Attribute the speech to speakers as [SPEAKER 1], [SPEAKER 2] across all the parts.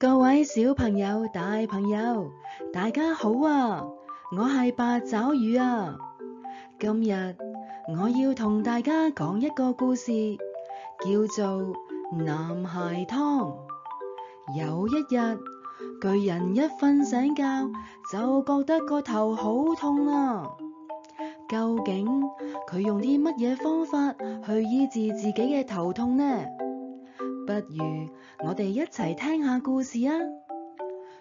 [SPEAKER 1] 各位小朋友、大朋友，大家好啊！我係八爪魚啊！今日我要同大家講一個故事，叫做《男孩湯》。有一日，巨人一瞓醒覺，就覺得個頭好痛啊！究竟佢用啲乜嘢方法去醫治自己嘅頭痛呢？不如我哋一齊聽下故事啊！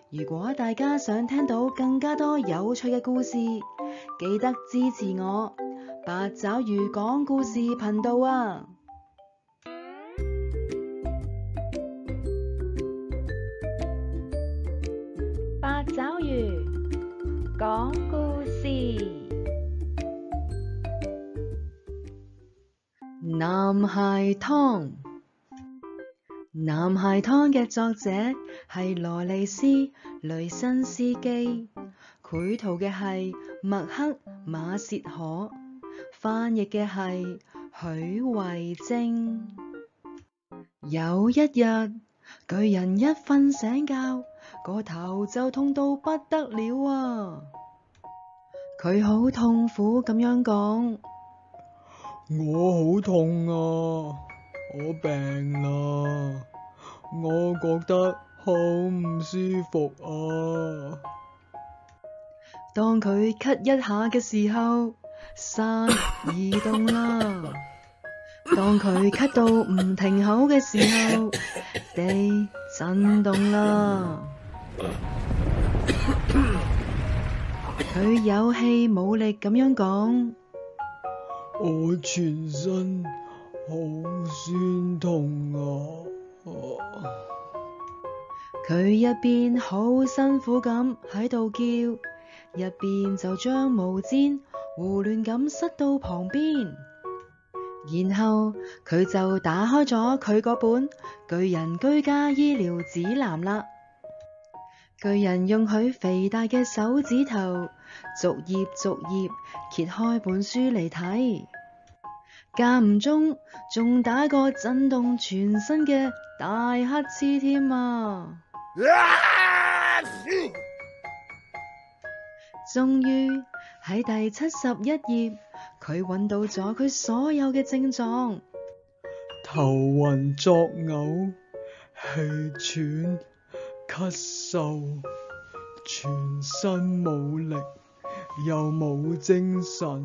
[SPEAKER 1] 如果大家想聽到更加多有趣嘅故事，記得支持我八爪魚講故事頻道啊！八爪魚講故事，男孩湯。男孩湯嘅作者係羅莉絲蕾辛斯基，繪圖嘅係麥克馬薛可，翻譯嘅係許慧貞。有一日，巨人一瞓醒覺，個頭就痛到不得了
[SPEAKER 2] 啊！佢好痛苦咁樣講：我好痛啊！我病啦，我覺得好唔舒服啊！
[SPEAKER 1] 當佢咳一下嘅時候，山移動啦； 當佢咳到唔停口嘅時候，地震動啦。佢 有氣冇力咁樣講，
[SPEAKER 2] 我全身好酸痛啊！
[SPEAKER 1] 佢、啊、一邊好辛苦咁喺度叫，一邊就將毛氈胡亂咁塞到旁邊，然後佢就打開咗佢嗰本《巨人居家醫療指南》啦。巨人用佢肥大嘅手指頭逐頁逐頁揭開本書嚟睇。間唔中仲打過震動全身嘅大乞嗤添啊！終於喺第七十頁，佢揾到咗佢所有嘅症狀：
[SPEAKER 2] 頭暈作嘔、氣喘、咳嗽、全身冇力又冇精神。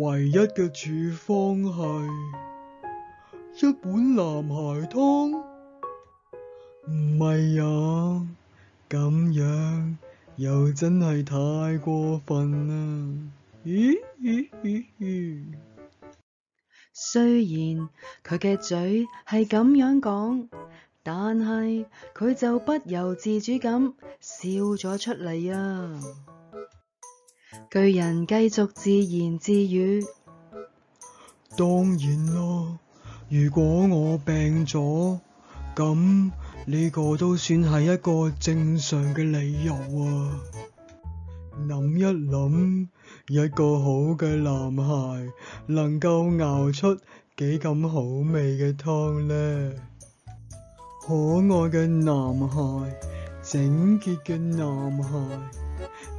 [SPEAKER 2] 唯一嘅處方係一本男孩湯。唔係啊！咁樣又真係太過分啦。咦咦咦，
[SPEAKER 1] 雖然佢嘅嘴係咁樣講，但係佢就不由自主咁笑咗出嚟啊！巨人繼續自言自語：
[SPEAKER 2] 當然啦，如果我病咗，咁呢個都算係一個正常嘅理由啊！諗一諗，一個好嘅男孩能夠熬出幾咁好味嘅湯呢？可愛嘅男孩，整潔嘅男孩。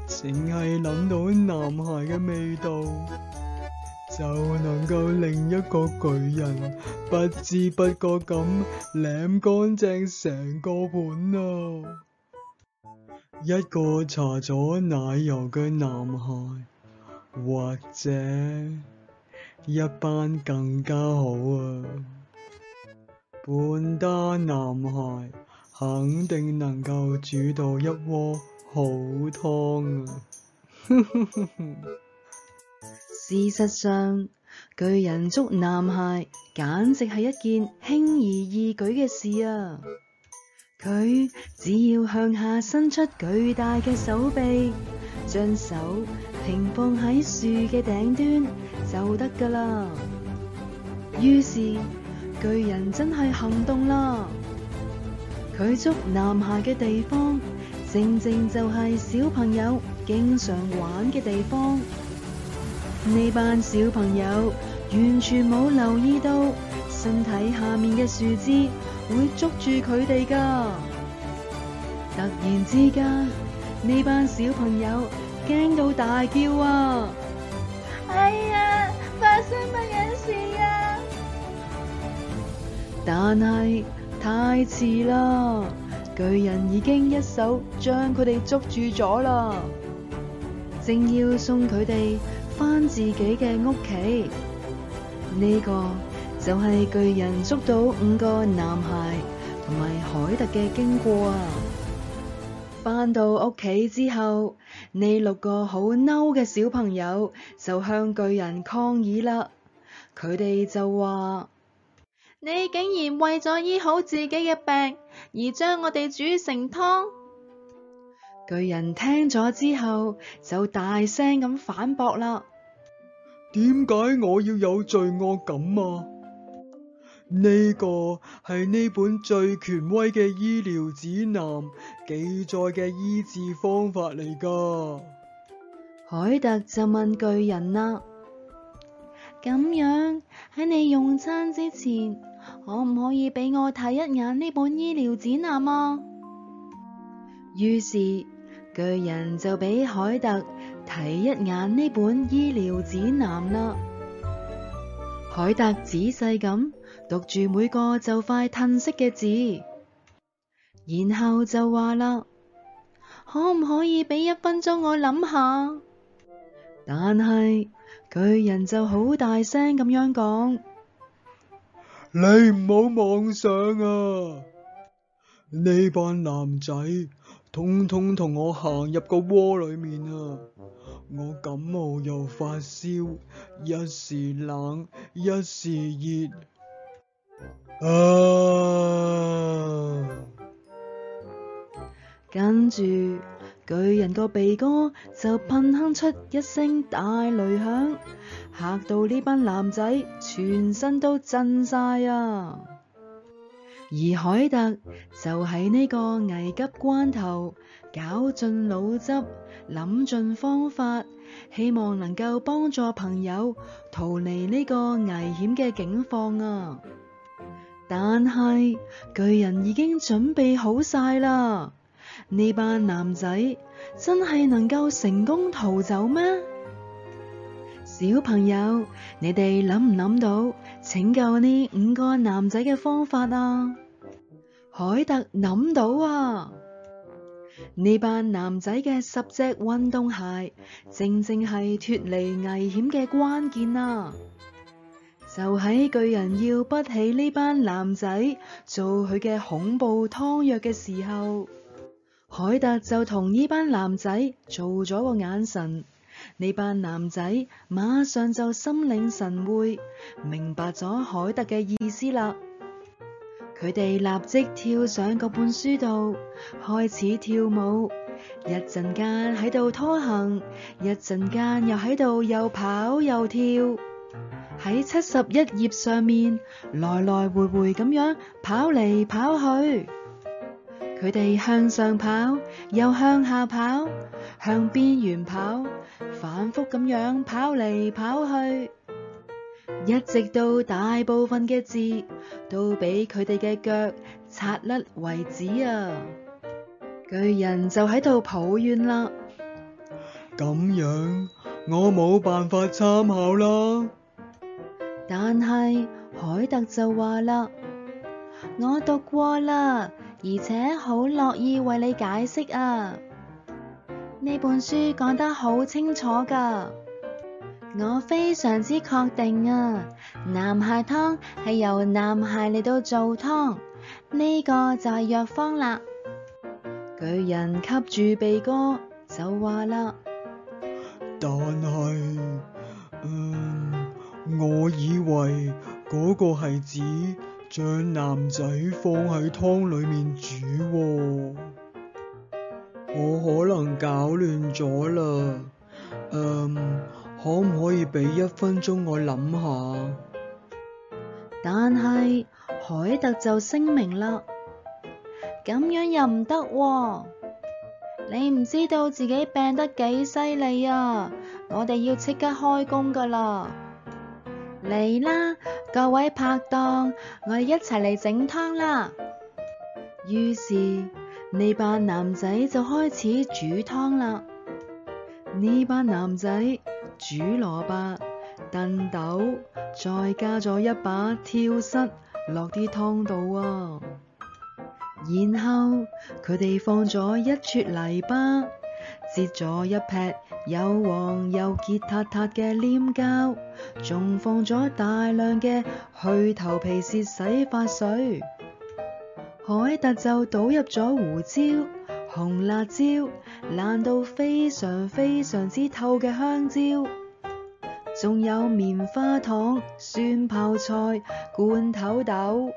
[SPEAKER 2] 淨係諗到男孩嘅味道，就能夠令一個巨人不知不覺咁舐乾淨成個盤啊！一個搽咗奶油嘅男孩，或者一班更加好啊！半打男孩肯定能夠煮到一鍋。好痛、啊！ 事實上，
[SPEAKER 1] 巨人捉男孩簡直係一件輕而易舉嘅事啊！佢只要向下伸出巨大嘅手臂，將手平放喺樹嘅頂端就得噶啦。於是巨人真係行動啦，佢捉男孩嘅地方，正正就係小朋友經常玩嘅地方。呢班小朋友完全冇留意到身體下面嘅樹枝會捉住佢哋㗎。突然之間，呢班小朋友驚到大叫啊！哎呀，發生乜嘢事啊？但係太遲啦。巨人已經一手將佢哋捉住咗啦，正要送佢哋返自己嘅屋企。呢個就係巨人捉到五個男孩同埋海特嘅經過啊！返到屋企之後，呢六個好嬲嘅小朋友就向巨人抗議啦。佢哋就話。你竟然為咗醫好自己嘅病而將我哋煮成湯？巨人聽咗之後就大聲咁反駁啦：
[SPEAKER 2] 點解我要有罪惡感啊？呢個係呢本最權威嘅醫療指南記載嘅醫治方法嚟噶。
[SPEAKER 1] 凱特就問巨人啦：咁樣？喺你用餐之前，可唔可以俾我睇一眼呢本醫療指南啊？於是巨人就俾凱特睇一眼呢本醫療指南啦。凱特仔細咁讀住每個就快褪色嘅字，然後就話啦：可唔可以俾一分鐘我諗下？但係。巨人就好大聲咁樣講：
[SPEAKER 2] 「你唔好妄想啊！呢班男仔通通同我行入個窩裏面啊！我感冒又發燒，一時冷，一時熱啊！」
[SPEAKER 1] 跟住。巨人個鼻哥就噴哼出一聲大雷響，嚇到呢班男仔全身都震晒啊！而凱特就喺呢個危急關頭，絞盡腦汁，諗盡方法，希望能夠幫助朋友逃離呢個危險嘅境況啊！但係巨人已經準備好晒啦。呢班男仔真係能夠成功逃走咩？小朋友，你哋諗唔諗到拯救呢五個男仔嘅方法啊？凱特諗到啊，呢班男仔嘅十隻運動鞋正正係脱離危險嘅關鍵啊！就喺巨人要不起呢班男仔做佢嘅恐怖湯藥嘅時候。凱特就同呢班男仔做咗個眼神，呢班男仔，馬上就心領神會，明白咗凱特嘅意思啦。佢哋立即跳上個本書度，開始跳舞。一陣間喺度拖行，一陣間又喺度又跑又跳，喺七十一頁上面來來回回咁樣跑嚟跑去。佢哋向上跑，又向下跑，向邊緣跑，反覆咁樣跑嚟跑去，一直到大部分嘅字都俾佢哋嘅腳擦甩為止啊！巨人就喺度抱怨啦：
[SPEAKER 2] 咁樣我冇辦法參考啦。
[SPEAKER 1] 但係凱特就話啦：我讀過啦。而且好樂意為你解釋啊！呢本書講得好清楚噶，我非常之確定啊。男孩湯係由男孩嚟到做湯，呢個就係藥方啦。巨人吸住鼻哥就話啦，
[SPEAKER 2] 但係，嗯，我以為嗰個係指。將男仔放喺湯裏面煮喎，我可能搞亂咗啦。嗯，可唔可以俾一分鐘我諗下？
[SPEAKER 1] 但係，海特就聲明啦，咁樣又唔得喎。你唔知道自己病得幾犀利啊！我哋要即刻開工噶啦。嚟啦，各位拍檔，我哋一齊嚟整湯啦！於是呢班男仔就開始煮湯啦。呢班男仔煮蘿蔔、燉豆，再加咗一把跳虱落啲湯度啊！然後佢哋放咗一撮泥巴。擠咗一劈，又黃又結塌塌嘅黏膠，仲放咗大量嘅去頭皮屑洗髮水。海特就倒入咗胡椒、紅辣椒、爛到非常非常之透嘅香蕉，仲有棉花糖、酸泡菜、罐頭豆。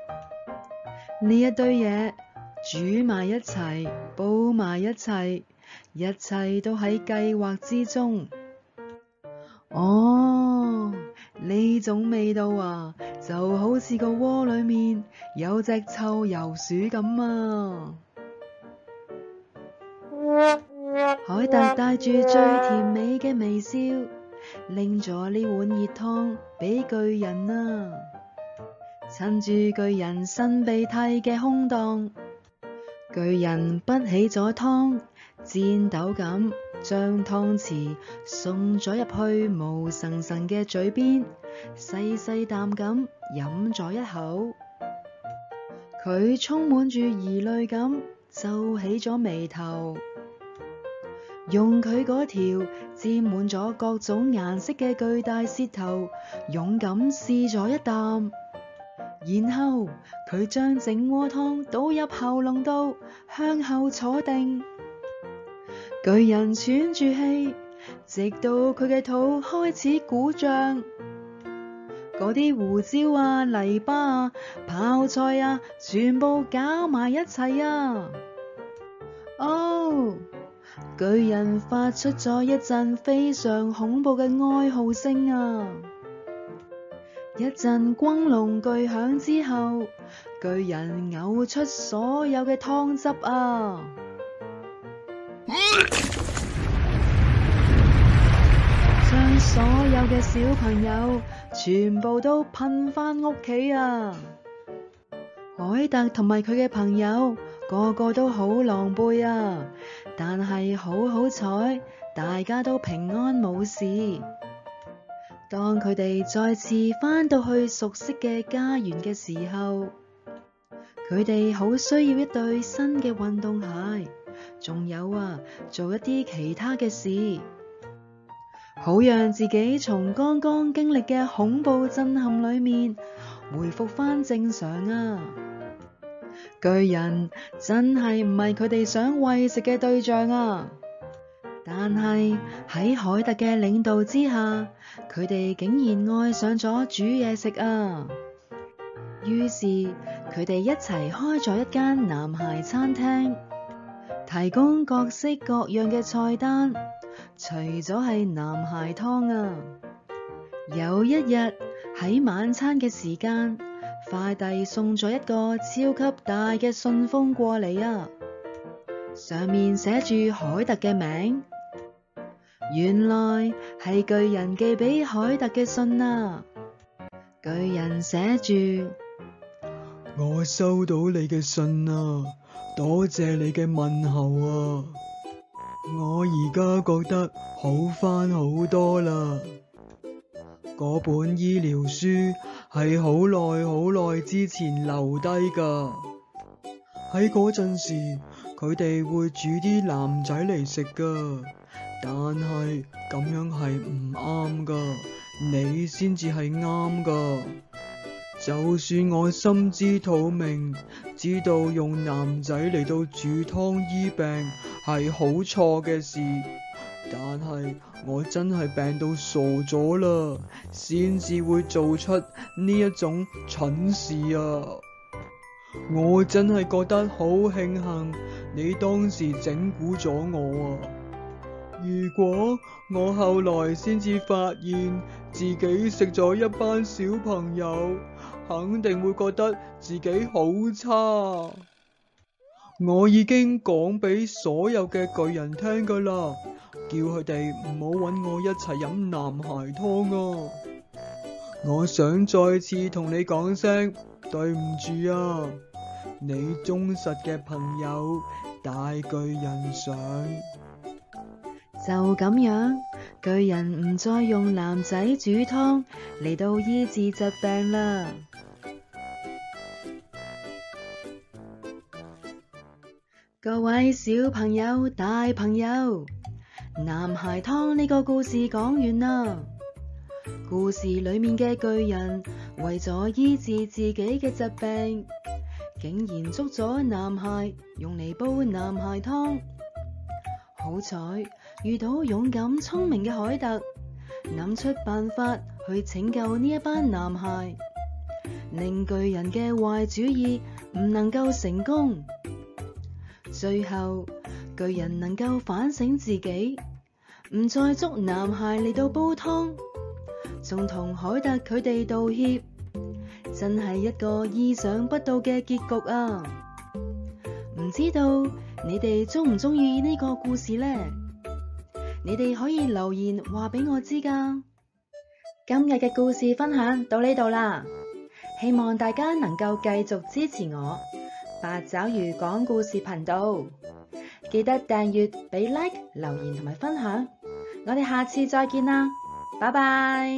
[SPEAKER 1] 呢一堆嘢煮埋一齊，煲埋一齊。一切都喺計劃之中。哦，呢種味道啊，就好似個鍋裏面有隻臭油鼠咁啊！嗯嗯嗯、海達帶住最甜美嘅微笑，拎咗呢碗熱湯畀巨人啊，趁住巨人伸鼻涕嘅空檔。巨人不起咗湯，顫抖咁將湯匙送咗入去毛神神嘅嘴邊，細細啖咁飲咗一口。佢充滿住疑慮咁皺起咗眉頭，用佢嗰條沾滿咗各種顏色嘅巨大舌頭，勇敢試咗一啖。然後佢將整鍋湯倒入喉嚨度，向後坐定。巨人喘住氣，直到佢嘅肚開始鼓脹。嗰啲胡椒啊、泥巴啊、泡菜啊，全部攪埋一齊啊！哦，巨人發出咗一陣非常恐怖嘅哀號聲啊！一陣轟隆巨響之後，巨人嘔出所有嘅湯汁啊！將 所有嘅小朋友全部都噴翻屋企啊！凱特同埋佢嘅朋友個個都好狼狽啊！但係好好彩，大家都平安冇事。當佢哋再次返到去熟悉嘅家園嘅時候，佢哋好需要一對新嘅運動鞋，仲有啊，做一啲其他嘅事，好讓自己從剛剛經歷嘅恐怖震撼裏面回復翻正常啊！巨人真係唔係佢哋想餵食嘅對象啊！但係喺海特嘅領導之下，佢哋竟然愛上咗煮嘢食啊！於是佢哋一齊開咗一間男孩餐廳，提供各式各樣嘅菜單，除咗係男孩湯啊！有一日喺晚餐嘅時間，快遞送咗一個超級大嘅信封過嚟啊！上面寫住海特嘅名。原來係巨人寄俾凱特嘅信啊。巨人寫住：
[SPEAKER 2] 我收到你嘅信啊，多謝你嘅問候啊！我而家覺得好翻好多啦！嗰本醫療書係好耐好耐之前留低噶，喺嗰陣時佢哋會煮啲男仔嚟食噶。但係咁樣係唔啱噶，你先至係啱噶。就算我心知肚明，知道用男仔嚟到煮湯醫病係好錯嘅事，但係我真係病到傻咗啦，先至會做出呢一種蠢事啊！我真係覺得好慶幸你當時整蠱咗我啊！如果我後來先至發現自己食咗一班小朋友，肯定會覺得自己好差。我已經講俾所有嘅巨人聽噶啦，叫佢哋唔好搵我一齊飲男孩湯啊！我想再次同你講聲對唔住啊！你忠實嘅朋友大巨人上。就
[SPEAKER 1] 咁樣，巨人唔再用男仔煮湯嚟到醫治疾病啦。 各位小朋友、大朋友，男孩湯呢個故事講完啦。故事裏面嘅巨人為咗醫治自己嘅疾病，竟然捉咗男孩用嚟煲男孩湯。好彩，遇到勇敢聰明嘅海特，諗出辦法去拯救呢一班男孩，令巨人嘅壞主意唔能夠成功。最後巨人能夠反省自己，唔再捉男孩嚟到煲湯，仲同海特佢哋道歉，真係一個意想不到嘅結局啊！唔知道你哋中唔中意呢個故事咧？你哋可以留言話俾我知噶。今日嘅故事分享到呢度啦，希望大家能夠繼續支持我，八爪魚講故事頻道，記得訂閱、俾 like、留言同埋分享。我哋下次再見啦，拜拜。